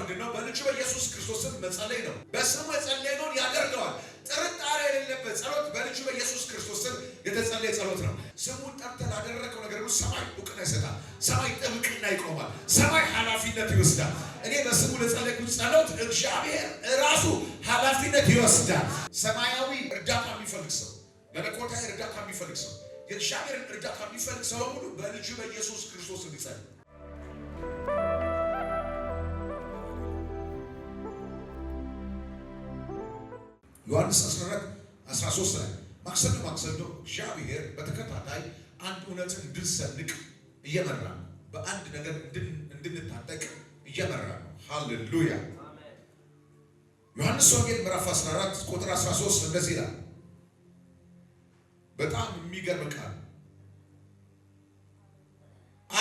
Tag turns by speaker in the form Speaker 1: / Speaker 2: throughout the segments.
Speaker 1: ምንድን ነው? በልጁ በኢየሱስ ክርስቶስ ስም መጸለይ ነው። በስሙ የጸለይነውን ያደርገዋል። ጥርጣሬ የሌለበት ጸሎት በልጁ በኢየሱስ ክርስቶስ ስም የተጸለየ ጸሎት ነው። ስሙን ጠርተ ላደረገው ነገር ሁሉ ሰማይ እውቅና ይሰጣል። ሰማይ ጥብቅና ይቆማል። ሰማይ ኃላፊነት ይወስዳል። እኔ በስሙ ለጸለይኩት ጸሎት እግዚአብሔር ራሱ ኃላፊነት ይወስዳል። ሰማያዊ እርዳታ የሚፈልግ ሰው፣ መለኮታዊ እርዳታ የሚፈልግ ሰው፣ የእግዚአብሔርን እርዳታ የሚፈልግ ሰው ሁሉ በልጁ በኢየሱስ ክርስቶስ እንዲጸልይ ዮሐንስ 14 13 ላይ ማክሰኞ ማክሰኞ እግዚአብሔር በተከታታይ አንድ እውነት እንድንሰንቅ እየመራ ነው። በአንድ ነገር እንድንታጠቅ እየመራ ነው። ሃሌሉያ። ዮሐንስ ወንጌል ምዕራፍ 14 ቁጥር 13 እንደዚህ ይላል። በጣም የሚገርም ቃል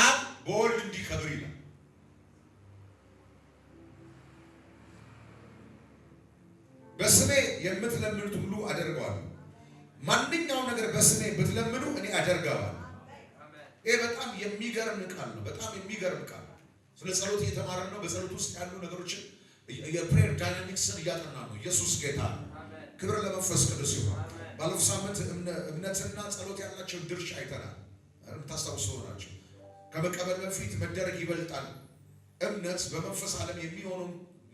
Speaker 1: አብ በወልድ እንዲከብር ይላል በስሜ የምትለምኑት ሁሉ አደርገዋለሁ። ማንኛውም ነገር በስሜ ብትለምኑ እኔ አደርገዋለሁ። ይሄ በጣም የሚገርም ቃል ነው። በጣም የሚገርም ቃል ስለ ጸሎት እየተማርን ነው። በጸሎት ውስጥ ያሉ ነገሮችን የፕሬር ዳይናሚክስን እያጠና ነው። ኢየሱስ ጌታ ክብር ለመንፈስ ቅዱስ ይሆን። ባለፈው ሳምንት እምነትና ጸሎት ያላቸው ድርሻ አይተናል። የምታስታውሱ ናቸው። ከመቀበል በፊት መደረግ ይበልጣል። እምነት በመንፈስ ዓለም የሚሆነው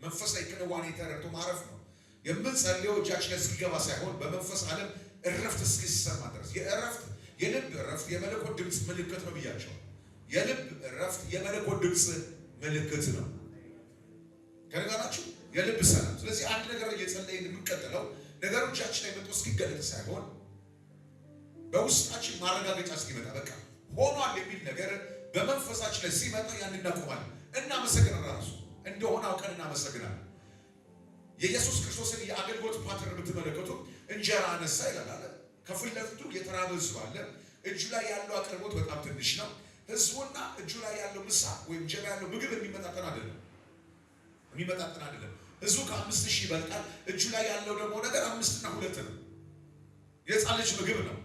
Speaker 1: መንፈሳዊ ክንዋኔ ተረድቶ ማረፍ ነው። የምንጸልየው እጃችን ላይ እስኪገባ ሳይሆን በመንፈስ ዓለም እረፍት እስኪሰማ ድረስ የእረፍት የልብ እረፍት የመለኮት ድምፅ ምልክት ነው ብያቸው። የልብ እረፍት የመለኮት ድምፅ ምልክት ነው። ከነጋራችሁ የልብ ሰላም። ስለዚህ አንድ ነገር እየጸለይን የምንቀጥለው ነገሮቻችን ላይ መጥቶ እስኪገለጥ ሳይሆን በውስጣችን ማረጋገጫ እስኪመጣ በቃ ሆኗል የሚል ነገር በመንፈሳችን ላይ ሲመጣ ያን እናቆማለን። እናመሰግናለን። ራሱ እንደሆነ አውቀን እናመሰግናለን። የኢየሱስ ክርስቶስን የአገልግሎት ፓተርን የምትመለከቱ እንጀራ አነሳ ይላል ከፊት ለፊቱ የተራበ ሕዝብ አለ። እጁ ላይ ያለው አቅርቦት በጣም ትንሽ ነው። ህዝቡና እጁ ላይ ያለው ምሳ ወይም ጀባ ያለው ምግብ የሚመጣጠን አይደለም፣ የሚመጣጠን አይደለም። ህዝቡ ከአምስት ሺህ ይበልጣል። እጁ ላይ ያለው ደግሞ ነገር አምስትና ሁለት ነው። የሕፃን ልጅ ምግብ ነው።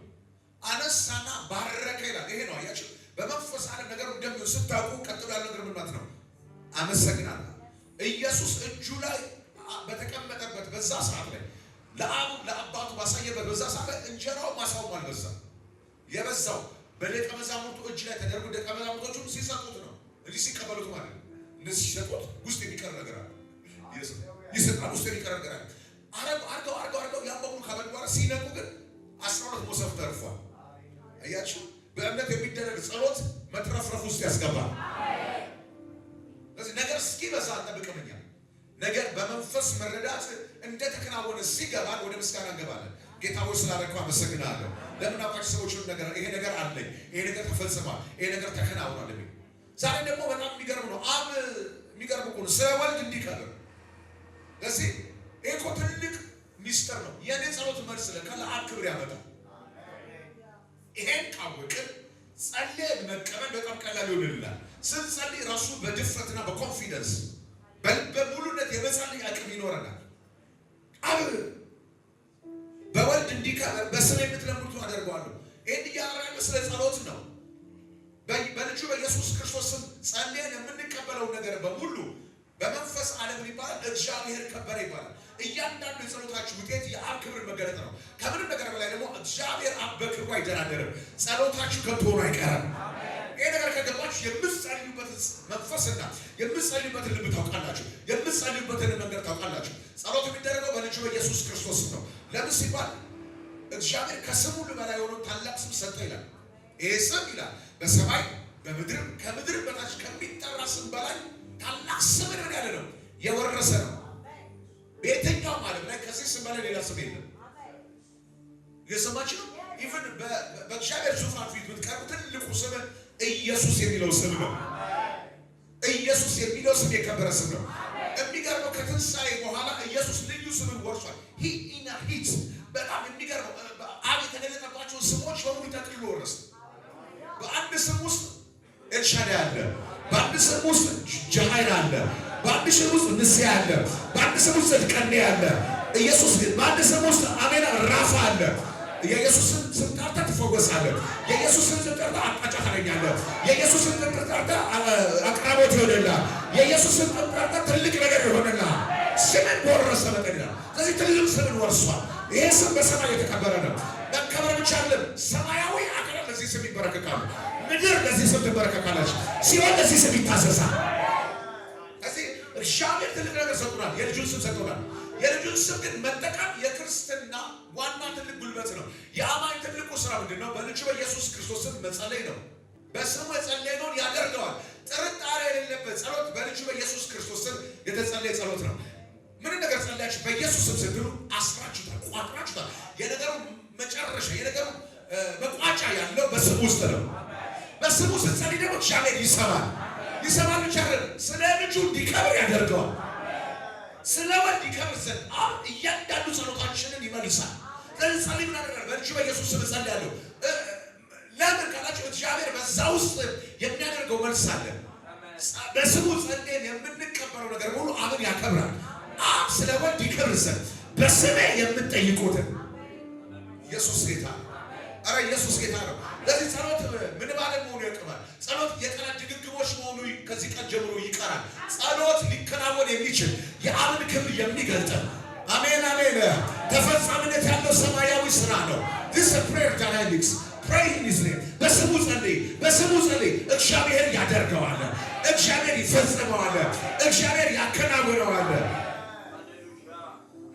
Speaker 1: አነሳና ባረከ ይላል። ይሄ ነው አያቸው። በመንፈስ ዓለም ነገር እንደሚሆን ስታውቁ ቀጥሎ ያለው ነገር ምናት ነው? አመሰግናለሁ ኢየሱስ እጁ ላይ በተቀመጠበት በዛ ሰዓት ላይ ለአቡ ለአባቱ ባሳየበት በዛ ሰዓት ላይ እንጀራው ማሳውም አልበዛም። የበዛው በደቀ መዛሙርቱ እጅ ላይ ተደርጎ ደቀ መዛሙርቶቹም ሲሰጡት ነው እንጂ ሲቀበሉት ማለት ነው። እነዚህ ሲሰጡት ውስጥ የሚቀር ነገር አለ። ይሰጣል፣ ውስጥ የሚቀር ነገር አለ። አረብ አርገው አርገው አርገው ያበቁ ከበል በኋላ ሲነቁ ግን አስራ ሁለት ሞሰብ ተርፏል። አያችሁ፣ በእምነት የሚደረግ ጸሎት መትረፍረፍ ውስጥ ያስገባል። ስለዚህ ነገር እስኪ በዛ አጠብቅምኛል ነገር በመንፈስ መረዳት እንደተከናወነ ሲገባል ወደ ምስጋና እንገባለን። ጌታ ሆይ ስላደረግከው አመሰግናለሁ። ለምን አባች ሰዎች ነገር ይሄ ነገር አለኝ፣ ይሄ ነገር ተፈጽሟል፣ ይሄ ነገር ተከናውኗል። ዛሬ ደግሞ በጣም የሚገርም ነው። አብ የሚገርም እኮ ነው ስለ ወልድ እንዲቀርብ ለዚህ ይሄ እኮ ትልቅ ሚስጥር ነው። የእኔ ጸሎት መልስ ለአብ ክብር ያመጣል። ይሄን ካወቅን ጸልየን መቀበል በጣም ቀላል ይሆንልናል። ስንጸልይ ራሱ በድፍረትና በኮንፊደንስ የመጸለይ አቅም ይኖረናል። አብ በወልድ እንዲከበር በስም የምትለምኑት አደርገዋለሁ። ይህን እያደረግን ስለ ጸሎት ነው። በልጁ በኢየሱስ ክርስቶስ ስም ጸልየን የምንቀበለው ነገር በሙሉ በመንፈስ ዓለም ይባላል፣ እግዚአብሔር ከበረ ይባላል። እያንዳንዱ የጸሎታችሁ ውጤት የአብ ክብር መገለጥ ነው። ከምንም ነገር በላይ ደግሞ እግዚአብሔር አብ በክብሩ አይደራደርም። ጸሎታችሁ ገብቶ አይቀርም። ይህ ነገር ከገባችሁ የምትጸልዩበት መንፈስና የምትጸልዩበትን ልብ ታውቃላችሁ። የምትጸልዩበትን መንገድ ታውቃላችሁ። ጸሎት የሚደረገው በልጁ በኢየሱስ ክርስቶስ ነው። ለምን ሲባል እግዚአብሔር ከስም ሁሉ በላይ የሆነውን ታላቅ ስም ሰጠ ይላል። ይሄ ስም ይላል በሰማይ በምድርም ከምድር በታች ከሚጠራ ስም በላይ ታላቅ ስም ነው ያለ ነው የወረሰ ነው። በየትኛውም ዓለም ላይ ከዚህ ስም በላይ ሌላ ስም የለም። የሰማችሁ ኢቨን በእግዚአብሔር ዙፋን ፊት የምትቀርቡ ትልቁ ስም ኢየሱስ የሚለው ስም ነው። ኢየሱስ የሚለው ስም የከበረ ስም ነው። የሚገርመው ከትንሣኤ በኋላ ኢየሱስ ልዩ ስምን ወርሷል። ሂ ኢና ሂት በጣም የሚገርመው አብ የተገለጠባቸው ስሞች በሙሉ ጠቅልሎ ወረሰ። በአንድ ስም ውስጥ ኤልሻዳይ አለ። በአንድ ስም ውስጥ ጀሃይር አለ። በአንድ ስም ውስጥ ንስያ አለ። በአንድ ስም ውስጥ ዘድቀኔ አለ። ኢየሱስ ግን በአንድ ስም ውስጥ አሜን ራፋ አለ የኢየሱስን ስም ጠርተህ ትፈወሳለህ። የኢየሱስን ስም ጠርተህ አቅጣጫ ታገኛለህ። የኢየሱስን ስም ጠርተህ አቅራቦት ይሆንልሃል። የኢየሱስን ስም ጠርተህ ትልቅ ነገር ይሆንልሃል። ስምን በወረሰ መጠን ስለዚህ ትልቅ ስምን ወርሷል። ይህ ስም በሰማይ የተከበረ ነው። መከበር ብቻ አይደለም፣ ሰማያዊ አገራት ለዚህ ስም ይበረከካሉ። ምድር ለዚህ ስም ትበረከካለች። ሲሆን ለዚህ ስም ይታሰሳል። እዚህ እግዚአብሔር ትልቅ ነገር ሰጥቶናል። የልጁን ስም ሰጥቶናል። የልጁን ስም ግን መጠቀም የክርስትና ዋና ትልቅ ጉልበት ነው። የአማኝ ትልቁ ስራ ምንድን ነው? በልጁ በኢየሱስ ክርስቶስን መጸለይ ነው። በስሙ የጸለይነውን ያደርገዋል። ጥርጣሬ የሌለበት ጸሎት በልጁ በኢየሱስ ክርስቶስን የተጸለየ ጸሎት ነው። ምንም ነገር ጸለያችሁ በኢየሱስ ስም ስትሉ አስራችሁታል፣ ቋጥራችሁታል። የነገሩ መጨረሻ የነገሩ መቋጫ ያለው በስሙ ውስጥ ነው። በስሙ ስትጸልይ ደግሞ እግዚአብሔር ይሰማል። ይሰማል ብቻ ስለ ልጁ እንዲከብር ያደርገዋል። ስለ ወልድ ይከብር ዘንድ አብ እያንዳንዱ ጸሎታችንን ይመልሳል። ስለዚህ ጸልይ ምን አደረጋል? በልጁ በኢየሱስ ስም ጸልያለሁ። ለምን ካላችሁ እግዚአብሔር በዛ ውስጥ የሚያደርገው መልስ አለ። በስሙ ጸልየን የምንቀበለው ነገር ሁሉ አብን ያከብራል። አብ ስለ ወልድ ይከብር ዘንድ በስሜ የምትጠይቁትን ኢየሱስ ጌታ ነው። ኧረ ኢየሱስ ጌታ ነው። ለዚህ ጸሎት ምንባለ መሆኑ ያቀባል። ጸሎት የቀናት ድግግሞች መሆኑ ከዚህ ቀን ጀምሮ ይቀራል። ጸሎት ሊከናወን የሚችል የአብን ክብር የሚገልጥ አሜን አሜን፣ ተፈጻሚነት ያለው ሰማያዊ ስራ ነው። ዲስ ፕሬር ዳይናሚክስ በስሙ ጸልይ፣ በስሙ ጸልይ። እግዚአብሔር ያደርገዋል፣ እግዚአብሔር ይፈጽመዋል፣ እግዚአብሔር ያከናውነዋል።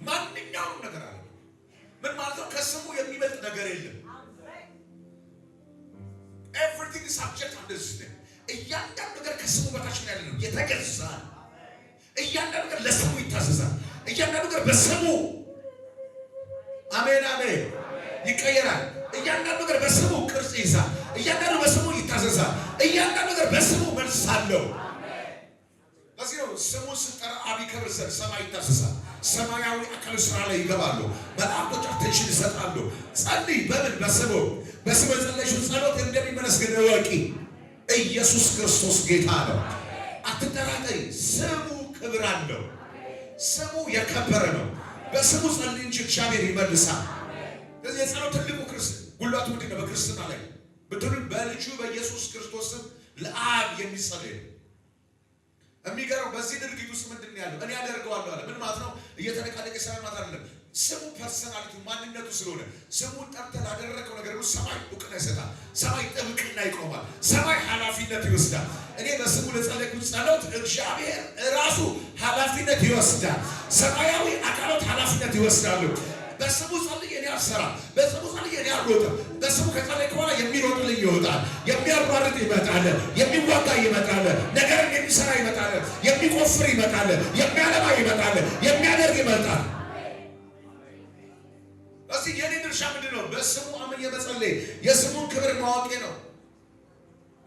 Speaker 1: ማንኛውም ነገር አለ ምን ማለት ነው? ከስሙ የሚበልጥ ነገር የለም። ኤቭሪቲንግ ሳብጀክት አንደርስታንድ እያንዳንዱ ነገር ከስሙ በታች ነው ያለ ነው የተገዛ እያንዳንዱ ነገር ለስሙ ይታዘዛል። እያንዳንዱ ነገር በስሙ አሜን አሜን ይቀየራል። እያንዳንዱ ነገር በስሙ ቅርጽ ይይዛል። እያንዳንዱ በስሙ ይታዘዛል። እያንዳንዱ ነገር በስሙ መልስ አለው። ለዚህ ነው ስሙን ስጠራ አብ ይከብር ዘንድ ሰማይ ይታዘዛል። ሰማያዊ አካል ስራ ላይ ይገባሉ። መላእክቶች አቴንሽን ይሰጣሉ። ጸልይ። በምን በስሙ በስመ የጸለይሽው ጸሎት እንደሚመለስገን እወቂ። ኢየሱስ ክርስቶስ ጌታ ነው። አትጠራጠሪ። ስሙ ክብር አለው። ስሙ የከበረ ነው። በስሙ ጸልይ እንጂ እግዚአብሔር ይመልሳል። ስለዚህ የጸሎት ትልቁ ክርስ ጉልበቱ ምንድን ነው? በክርስትና ላይ ብትሉ በልጁ በኢየሱስ ክርስቶስም ለአብ የሚጸልይ ነው የሚገርመው በዚህ ድርጊት ውስጥ ምንድን ያለው እኔ አደርገዋለሁ አለ። ምን ማለት ነው? እየተነቃለቀ ሰማይ ማለት አይደለም። ስሙ ፐርሰናሊቲ ማንነቱ ስለሆነ ስሙን ጠርተህ ላደረገው ነገር ነው። ሰማይ እውቅና ይሰጣል። ሰማይ ጥብቅና ይቆማል። ሰማይ ኃላፊነት ይወስዳል። እኔ በስሙ ለጸለይኩት ጸሎት እግዚአብሔር ራሱ ኃላፊነት ይወስዳል። ሰማያዊ አካላት ኃላፊነት ይወስዳሉ። በስሙ ጸልይ አትሰራ። በስሙ ጸልዬ ያልወጣም በስሙ ከጸለይ ከሆነ የሚሮጥልኝ ይወጣል። ይመጣል። የሚዋጋ ይመጣል። የሚሰራ ይመጣል። የሚቆፍር ይመጣል። የሚያለማ ይመጣል። የሚያደርግ ይመጣል። እዚህ የኔ ድርሻ ምንድን ነው? በስሙ አምኜ መጸለይ የስሙን ክብር ማወቄ ነው።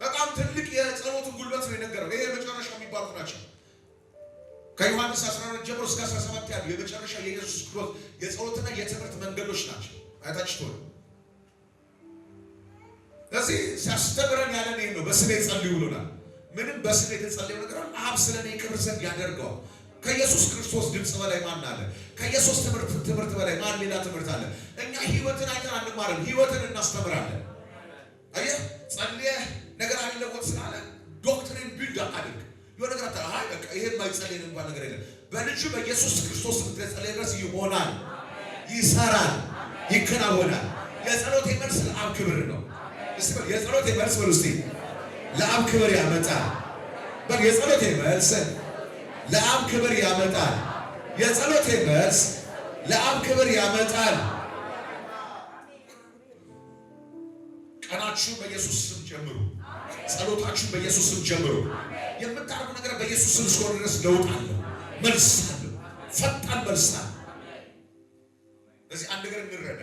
Speaker 1: በጣም ትልቅ የጸሎቱ ጉልበት ነው የነገረው። ይሄ መጨረሻ የሚባሉት ናቸው። ከዮሐንስ 14 ጀምሮ እስከ 17 ያሉ የመጨረሻ የኢየሱስ ክሮት የጸሎትና የትምህርት መንገዶች ናቸው። አይታችሁ ትሆነ ስለዚህ ሲያስተምረን ያለን ይህ ነው። በስሜ ጸልዩ ይውሉናል። ምንም በስሜ የተጸለየው ነገር አለ አብ ስለ እኔ ክብር ዘንድ ያደርገዋል። ከኢየሱስ ክርስቶስ ድምፅ በላይ ማን አለ? ከኢየሱስ ትምህርት ትምህርት በላይ ማን ሌላ ትምህርት አለ? እኛ ህይወትን አይተን አንማርም፣ ህይወትን እናስተምራለን። አየህ ጸልየህ ነገር አለወት ስላለ ዶክትሪን ቢልድ አድርግ የሆነ ነገር አታ አይ በቃ ይሄ የማይጸለይ እንኳን ነገር የለም። በልጁ በኢየሱስ ክርስቶስ ስለተጸለየ ድረስ ይሆናል፣ ይሰራል፣ ይከናወናል። የጸሎት መልስ ለአብ ክብር ነው። እስቲ የጸሎት መልስ ወል እስቲ ለአብ ክብር ያመጣል። በቃ የጸሎት መልስ ለአብ ክብር ያመጣል። የጸሎት መልስ ለአብ ክብር ያመጣል። ቀናችሁ በኢየሱስ ስም ጀምሩ። ጸሎታችሁ በኢየሱስ ስም ጀምሩ። የምታደርጉ ነገር በኢየሱስ ስም እስከሆነ ድረስ ለውጥ አለው፣ መልስ አለው፣ ፈጣን መልስ አለው። በዚህ አንድ ነገር እንረዳ።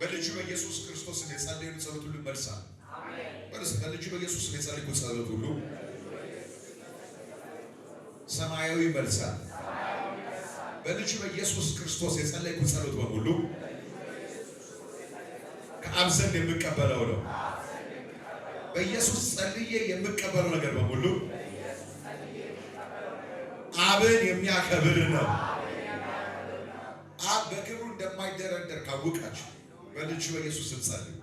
Speaker 1: በልጁ በኢየሱስ ክርስቶስ የጸለዩ ጸሎት ሁሉ መልስ አለ። አለው። በልጁ በኢየሱስ የጸለዩ ጸሎት ሁሉ ሰማያዊ መልስ አለ። በልጁ በኢየሱስ ክርስቶስ የጸለዩ ጸሎት በሙሉ ከአብ ዘንድ የምቀበለው ነው። በኢየሱስ ጸልዬ የምቀበለው ነገር በሙሉ አብን የሚያከብር ነው። አብ በክብሩ እንደማይደረደር ካወቃችሁ በልጁ በኢየሱስ ጸልዩ።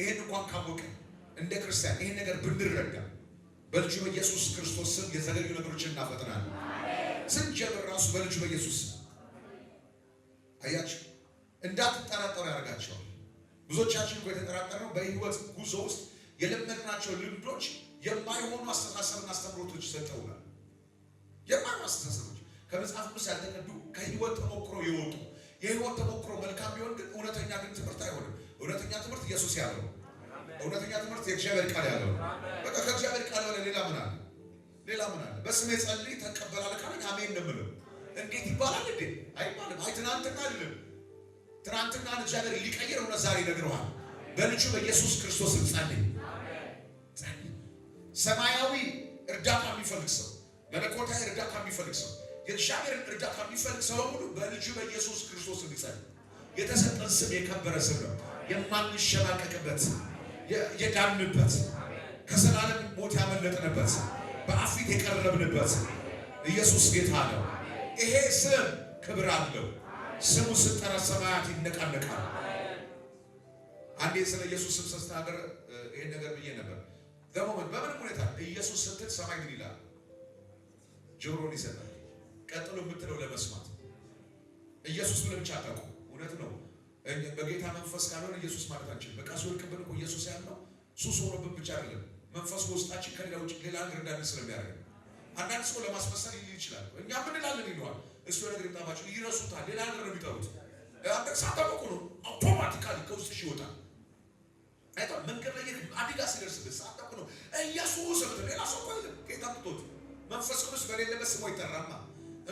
Speaker 1: ይህን እንኳን ካወቀ እንደ ክርስቲያን ይህን ነገር ብንረዳ በልጁ በኢየሱስ ክርስቶስ ስም የተለዩ ነገሮችን እናፈጥናለን። ስንጀምር ራሱ በልጁ በኢየሱስ አያችሁ እንዳትጠራጠሩ ያደርጋቸዋል። ብዙዎቻችን እኮ የተጠራጠርነው በህይወት ጉዞ ውስጥ የለመድናቸው ልምዶች የማይሆኑ አስተሳሰብና አስተምሮቶች ሰጠውናል። የማይሆኑ አስተሳሰቦች ከመጽሐፍ ቅዱስ ያልተቀዱ ከህይወት ተሞክሮ የወጡ የህይወት ተሞክሮ መልካም ቢሆን ግን እውነተኛ ግን ትምህርት አይሆንም። እውነተኛ ትምህርት ኢየሱስ ያለው እውነተኛ ትምህርት የእግዚአብሔር ቃል ያለው በቃ ከእግዚአብሔር ቃል በላይ ሌላ ምን አለ? ሌላ ምን አለ? በስሜ ጸልይ ተቀበላለህ ካለኝ አሜን ነው የምለው። እንዴት ይባላል እንዴ? አይባልም። አይ ትናንትና አይደለም ትናንትና እግዚአብሔር ሊቀይር እውነት ዛሬ ነግረዋል። በልጁ በኢየሱስ ክርስቶስ እንጸልይ ሰማያዊ እርዳታ የሚፈልግ ሰው፣ መለኮታዊ እርዳታ የሚፈልግ ሰው፣ የእግዚአብሔርን እርዳታ የሚፈልግ ሰው በሙሉ በልጁ በኢየሱስ ክርስቶስ እንዲጸል የተሰጠን ስም የከበረ ስም ነው። የማንሸማቀቅበት የዳንበት ከዘላለም ሞት ያመለጥንበት በአፊት የቀረብንበት ኢየሱስ ጌታ ነው። ይሄ ስም ክብር አለው። ስሙ ስጠራ ሰማያት ይነቃነቃል። አንዴ ስለ ኢየሱስ ስም ስናገር ይሄን ነገር ብዬ ነበር። ደግሞ ምን በምንም ሁኔታ ኢየሱስ ስትል ሰማይ ምን ይላል? ጆሮን ይሰጣል። ቀጥሎ የምትለው ለመስማት ኢየሱስ ብለህ ብቻ ታውቁ። እውነት ነው። በጌታ መንፈስ ካልሆነ ኢየሱስ ማለት አንችልም። በቃ ሲወልቅብን እኮ ኢየሱስ ያልነው ሱስ ሆኖብን ብቻ አይደለም። መንፈሱ ውስጣችን ከሌላ ውጭ ሌላ ነገር እንዳንል ስለሚያደርግ አንዳንድ ሰው ለማስመሰል ይል ይችላል። እኛ ምን ላለን ይለዋል። እሱ ነገር ጣባቸው ይረሱታል። ሌላ ነገር ነው የሚጠሩት። አንተ ሳታውቁ ነው አውቶማቲካሊ ከውስጥሽ ይወጣል። አይቷል። መንገድ ላይ አደጋ ሲደርስበት ሰዓት ነው ኢየሱስ ብትል ሌላ ሰው እኮ አይልም። ጌታ ብትወድ መንፈስ ቅዱስ በሌለበት ስሙ ይጠራማ።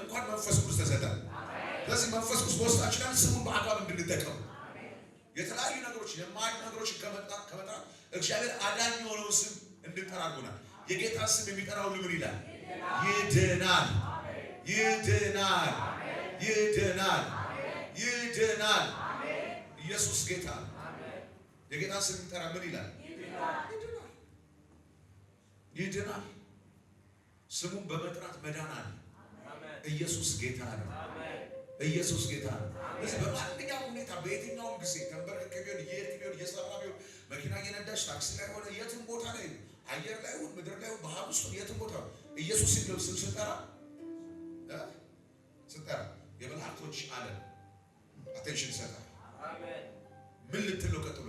Speaker 1: እንኳን መንፈስ ቅዱስ ተሰጠን። ስለዚህ መንፈስ ቅዱስ በውስጣችን ያለ ስሙን በአግባብ እንድንጠቀም የተለያዩ ነገሮች የማያዩ ነገሮች ከመጣ ከመጣ እግዚአብሔር አዳኝ የሆነውን ስም እንድንጠራ አድርጎናል። የጌታ ስም ሁሉ ምን ይላል? ይድናል፣ ይድናል፣ ይድናል፣ ይድናል። ኢየሱስ ጌታ የጌታ ስም ጠራ ምን ይላል? ይድናል። ስሙን በመጥራት መዳን አለ። ኢየሱስ ጌታ ነው። ኢየሱስ ጌታ ነው። እዚህ በማንኛው ሁኔታ በየትኛውም ጊዜ ተንበርክከህ ቢሆን የት ቢሆን እየሰራ ቢሆን መኪና እየነዳሽ ታክሲ ላይ ሆነ የትም ቦታ ላይ አየር ላይ ሁን ምድር ላይ ሁን ባህር ውስጥ የትም ቦታ ኢየሱስ ይለው ስም ስጠራ ስጠራ የመላእክቶች አለ አቴንሽን ሰጣ ምን ልትለው ቀጥሎ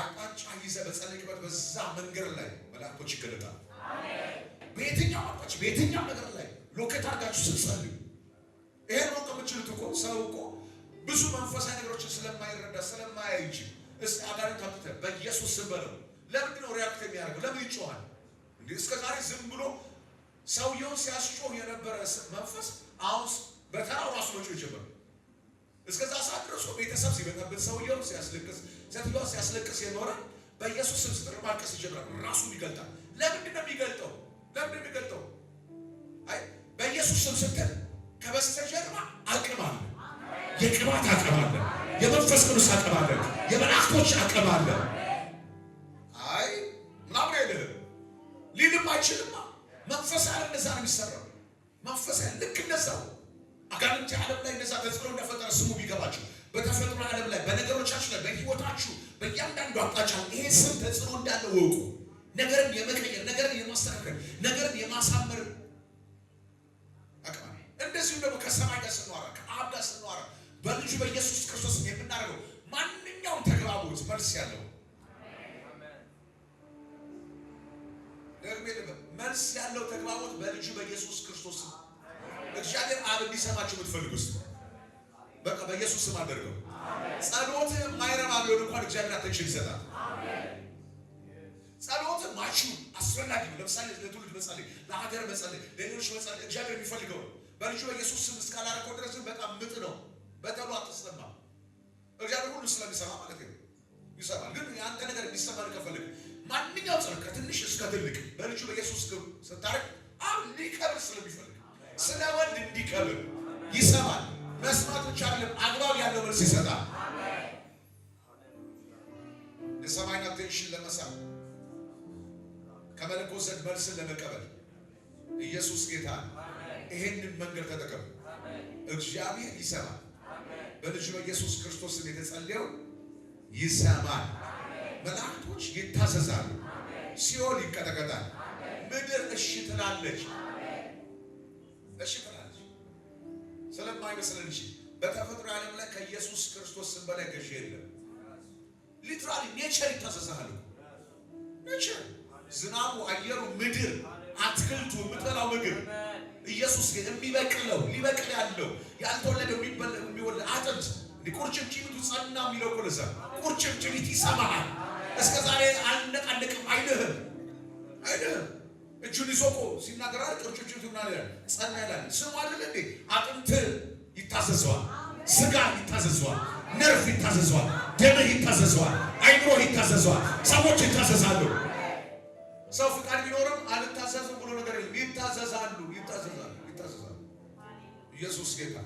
Speaker 1: አቅጣጫ ይዘ በጸለይክበት በዛ መንገድ ላይ መላኮች ይገለጣል። በየትኛው አቅጣጫ በየትኛው ነገር ላይ ሎኬት አድርጋችሁ ስትጸልዩ ይሄን ነው ከምችሉት እኮ ሰው እኮ ብዙ መንፈሳዊ ነገሮችን ስለማይረዳ ስለማያይችል እስ አጋርን ታጥተ በኢየሱስ ስም በለው። ለምንድን ነው ሪያክት የሚያደርገው? ለምን ይጮሃል? እንዲህ እስከ ዛሬ ዝም ብሎ ሰውየውን ሲያስጮህ የነበረ መንፈስ አሁን በተራው ራሱ መጮህ ጀመረ። እስከዛ ሰዓት ድረስ ቤተሰብ ሲበጣበት ሰውየውን ሲያስለቅስ ዘፍሎ ሲያስለቅስ የኖረ በኢየሱስ ስም ስጥር ማልቀስ ይጀምራል። ራሱን ይገልጣል። ለምንድን ነው የሚገልጠው? ለምንድን ነው የሚገልጠው? አይ በኢየሱስ ስም ስትል ከበስተጀርባ አቅም አለ። የቅባት አቅም አለ። የመንፈስ ቅዱስ አቅም አለ። የመላእክቶች አቅም አለ። አይ ምናምን አይደለም ሊልም አይችልማ። መንፈስ ዓለም እንደዛ ነው የሚሰራው። መንፈስ ልክ እንደዛ አጋንንት ዓለም ላይ እንደዛ ተጽዕኖ እንደፈጠረ ስሙ ቢገባቸው በተፈጥሮ ዓለም ላይ በነገሮቻችሁ ላይ በህይወታችሁ በእያንዳንዱ አቅጣጫ ይሄ ስም ተጽዕኖ እንዳለ ወቁ። ነገርን የመቀየር ነገርን የማስተካከል ነገርን የማሳመር አቅማ እንደዚሁም ደግሞ ከሰማይ ጋር ስንዋራ ከአብ ጋር ስንዋራ በልጁ በኢየሱስ ክርስቶስ የምናደርገው ማንኛውም ተግባቦት መልስ ያለው መልስ ያለው ተግባቦት በልጁ በኢየሱስ ክርስቶስ እግዚአብሔር አብ እንዲሰማቸው የምትፈልጉ በቃ በኢየሱስ ስም አደርገው። ጸሎት ማይረባ ቢሆን እንኳን እግዚአብሔር አቴንሽን ይሰጣል። ጸሎት ማቹ አስፈላጊ ነው። ለምሳሌ ለትውልድ መጸለይ፣ ለሀገር መጸለይ፣ ለሌሎች መጸለይ እግዚአብሔር የሚፈልገው በልጁ በኢየሱስ ስም እስካላረከው ድረስ በጣም ምጥ ነው። በተሉ አትሰማ እግዚአብሔር ሁሉ ስለሚሰማ ማለት ነው። ይሰማል። ግን የአንተ ነገር እንዲሰማ ከፈልግ ማንኛው ጸሎት ከትንሽ እስከ ትልቅ በልጁ በኢየሱስ ስም ስታረግ አብ ሊከብር ስለሚፈልግ ስለ ወልድ እንዲከብር ይሰማል። መስማት ብቻ አይደለም፣ አግባብ ያለው መልስ ይሰጣል። የሰማይን አቴንሽን ለመሳብ ከመለኮት መልስን ለመቀበል ኢየሱስ ጌታ ይሄንን መንገድ ተጠቀሙ። እግዚአብሔር ይሰማል። በልጁ በኢየሱስ ክርስቶስ የተጸለየው ይሰማል። መላእክቶች ይታዘዛሉ። ሲኦል ይቀጠቀጣል። ምድር እሺ ትላለች። ስለማይመስለን በተፈጥሮ ዓለም ላይ ከኢየሱስ ክርስቶስ ስም በላይ ገዢ የለም። ሊትራሊ ኔቸር ይታዘዛል። ኔቸር ዝናቡ፣ አየሩ፣ ምድር፣ አትክልቱ፣ የምትበላው ምግብ ኢየሱስ ግን የሚበቅለው ሊበቅል ያለው ያልተወለደ የሚወለድ አጥንት ቁርጭምጭሚቱ ጸና የሚለው እኮ ቁርጭምጭሚት ይሰማሃል። እስከ ዛሬ አልነቃነቅም አይልህም አይልህም እጁን ይሶቁ ሲናገር ጮቾቹ ትምና ይላል ጸና ይላል ስሙ አይደል እንዴ? አጥንት ይታዘዘዋል፣ ስጋ ይታዘዘዋል፣ ነርፍ ይታዘዘዋል፣ ደም ይታዘዘዋል፣ አይምሮ ይታዘዘዋል፣ ሰዎች ይታዘዛሉ። ሰው ፍቃድ ቢኖርም አልታዘዝም ብሎ ነገር የለም። ይታዘዛሉ፣ ይታዘዛሉ፣ ይታዘዛሉ። ኢየሱስ ጌታ